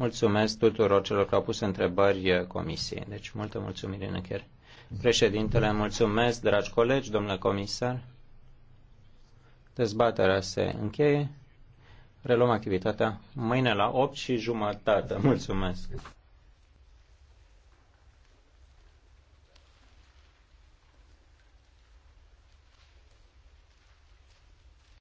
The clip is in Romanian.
Mulțumesc tuturor celor care au pus întrebări comisiei. Deci, multă mulțumire în încheiere. Președintele, mulțumesc, dragi colegi, domnule comisar. Dezbaterea se încheie. Reluăm activitatea mâine la 8 și jumătate. Mulțumesc!